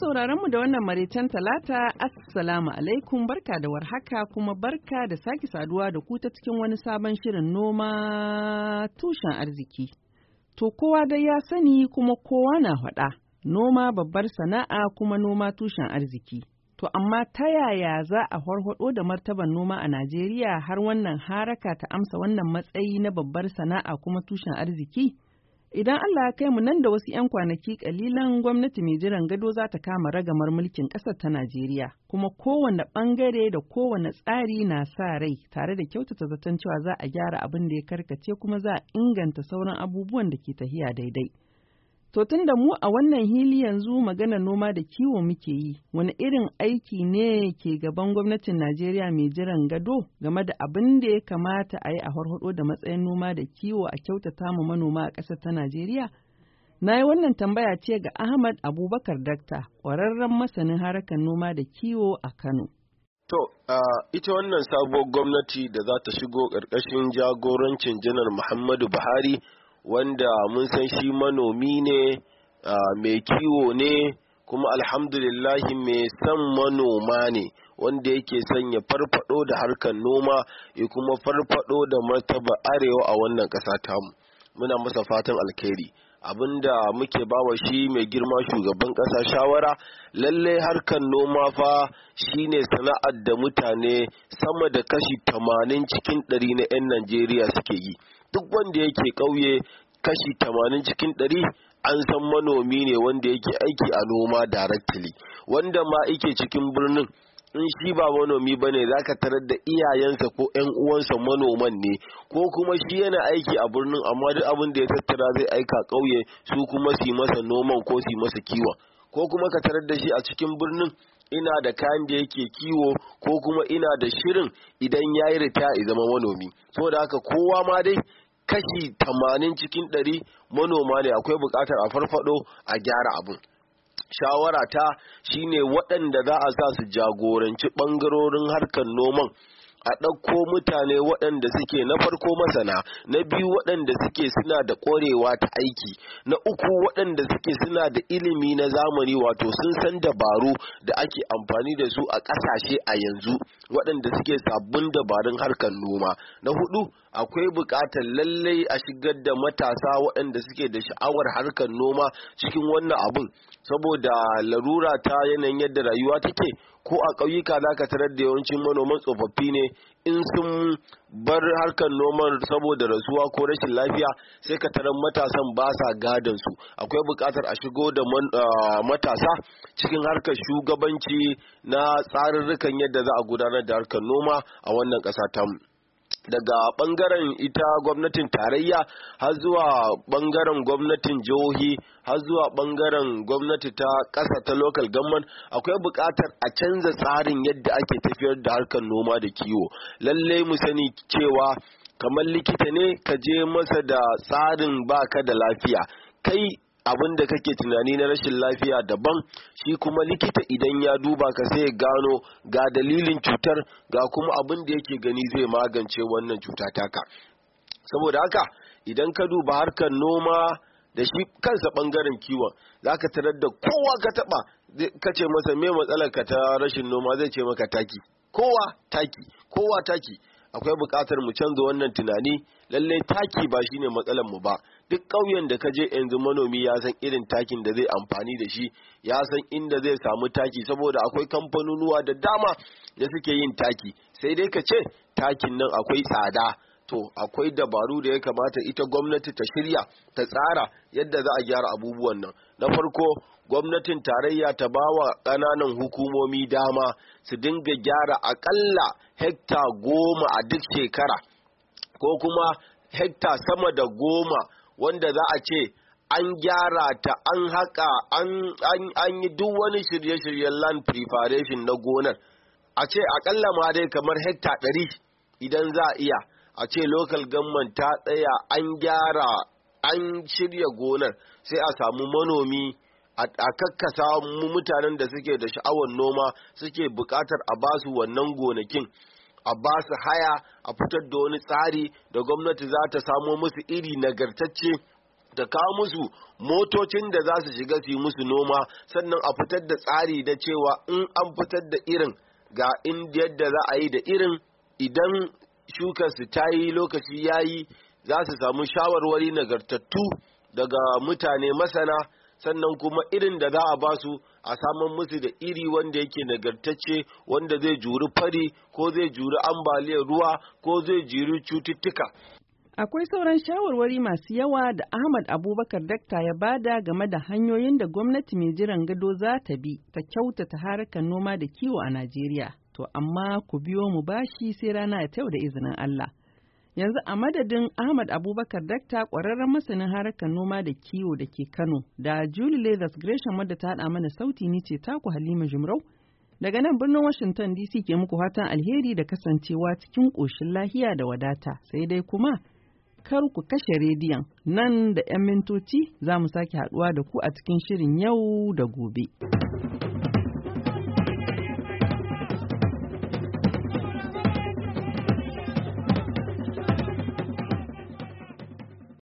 sauraron mu da wannan maraicen talata assalamu alaikum barka da warhaka kuma barka da sake saduwa da ku ta cikin wani sabon shirin noma tushen arziki. To kowa dai ya sani kuma kowa na faɗa noma babbar sana'a kuma noma tushen arziki. To amma ta yaya za a harhaɗo da martaban noma a Najeriya har wannan haraka ta amsa wannan matsayi na babbar sana'a kuma tushen arziki? Idan Allah ya kai mu nan da wasu 'yan kwanaki kalilan gwamnati mai jiran gado za ta kama ragamar mulkin ƙasar ta Najeriya, kuma kowane ɓangare da kowane tsari na sa rai tare da kyautata zaton cewa za a gyara abin da ya karkace kuma za a inganta sauran abubuwan da ke tahiya daidai. To tun da mu a wannan hili yanzu magana noma da kiwo muke yi, wani irin aiki ne ke gaban gwamnatin Najeriya mai jiran gado game da abin da ya kamata a yi a harhaɗo da matsayin noma da kiwo a kyautata ma manoma a ƙasar ta Najeriya? Na yi wannan tambaya ce ga Ahmad Abubakar Dakta, ƙwararren masanin harakan noma da kiwo a Kano. To, ita wannan sabuwar gwamnati da za ta shigo ƙarƙashin jagorancin janar Muhammadu Buhari wanda mun san shi manomi ne mai kiwo ne kuma alhamdulillahi mai san manoma ne wanda yake son ya farfado da harkar noma ya kuma farfado da martaba arewa a wannan ƙasa tamu muna masa fatan alkhairi abinda muke bawa shi mai girma shugaban ƙasa shawara lallai harkar noma fa shine sana'ar da mutane sama da kashi tamanin cikin dari na 'yan najeriya suke yi duk wanda yake kauye kashi tamanin cikin dari, an san manomi ne wanda yake aiki a noma directly wanda ma yake cikin birnin in shi ba manomi bane ne za ka tarar da iyayensa ko 'yan uwansa manoman ne ko kuma shi yana aiki a birnin amma duk abin da ya tattara zai aika ƙauye su kuma su masa noman ko su masa kiwo. ko kuma ka tarar da shi a cikin birnin ina da kayan da yake kiwo ko kuma ina da shirin idan ya yi rita ya zama manomi saboda haka kowa ma dai kashi tamanin cikin ɗari manoma ne akwai buƙatar a farfaɗo a gyara abin shawara ta shine waɗanda za a sa su jagoranci ɓangarorin harkar noman a ɗauko mutane waɗanda suke na farko masana na biyu waɗanda suke suna da ƙwarewa ta aiki na uku waɗanda suke suna da ilimi na zamani wato sun san dabaru da ake amfani da su a ƙasashe a yanzu waɗanda suke sabbin dabarun harkar noma na hudu akwai bukatar lallai a shigar da matasa waɗanda suke da sha'awar harkar noma cikin wannan abin saboda larura ta yanayin yadda rayuwa take ko a ƙauyuka za ka tarar da yawancin manoman tsofaffi ne in sun bar harkar noman saboda rasuwa ko rashin lafiya sai ka tarar matasan ba sa gadon su akwai bukatar a shigo da ah, matasa cikin harkar shugabanci na tsarurrukan yadda za a gudanar da harkar noma a wannan ƙasa tamu daga bangaren ita gwamnatin tarayya har zuwa bangaren gwamnatin jihohi har zuwa bangaren gwamnati ta ƙasa ta local government akwai bukatar a canza tsarin yadda ake tafiyar da harkar noma da kiwo lalle mu sani cewa kamar likita ne ka je masa da tsarin baka da lafiya kai abin da kake tunani na rashin lafiya daban shi kuma likita idan ya duba ka sai gano ga dalilin cutar ga kuma abin da yake gani zai magance wannan cuta taka saboda haka idan ka duba harkar noma da shi kansa bangaren kiwon za ka tarar da kowa ka taba ka ce masa me matsalar ka ta rashin noma zai ce maka taki kowa taki kowa taki akwai bukatar mu canza wannan tunani lallai taki ba shine matsalar mu ba duk ƙauyen da ka je yanzu manomi ya san irin takin da zai amfani da shi ya san inda zai samu taki saboda akwai kamfanonuwa da dama da suke yin taki sai dai ka ce takin nan akwai tsada to akwai dabaru da ya kamata ita gwamnati ta shirya ta tsara yadda za a gyara abubuwan nan na farko gwamnatin tarayya ta ba wa ƙananan hukumomi dama su dinga gyara aƙalla hekta goma a duk shekara ko kuma hekta sama da goma wanda za a ce an gyara ta an haƙa an yi duk wani shirye-shiryen land preparation na gonar a ce aƙalla ma dai kamar hekta ɗari idan za a iya a ce local government ta tsaya an gyara an shirya gonar sai a samu manomi a kakkasa mu mutanen da suke da sha'awar noma suke bukatar a basu wannan gonakin a ba su haya a fitar da wani tsari da gwamnati za ta samo musu iri nagartacce da kawo musu motocin da za su shiga su yi musu noma sannan a fitar da tsari da cewa in an fitar da irin ga in yadda za a yi da irin idan shukarsu ta yi lokaci ya yi za su samu shawarwari nagartattu daga mutane masana sannan kuma irin da za a ba su a saman musu da iri wanda yake nagartacce wanda zai juri fari ko zai juri ambaliyar ruwa ko zai juri cututtuka Akwai sauran shawarwari masu yawa da Ahmad Abubakar Dakta ya bada game da hanyoyin da gwamnati mai jiran gado za ta bi ta kyautata harkar noma da kiwo a Najeriya. To amma ku biyo mu bashi sai rana ta yau da izinin Allah. Yanzu a madadin Ahmad Abubakar Dakta ƙwararren masanin harkar noma da kiwo da ke Kano da Julie Leathers Gresham wadda ta haɗa mana sauti ni ce taku Halima Jumrau. Daga nan birnin Washington DC ke muku fatan alheri da kasancewa cikin ƙoshin lahiya da wadata sai dai kuma kar ku kashe rediyon nan da 'yan mintoci za mu sake haɗuwa da ku a cikin shirin yau da gobe.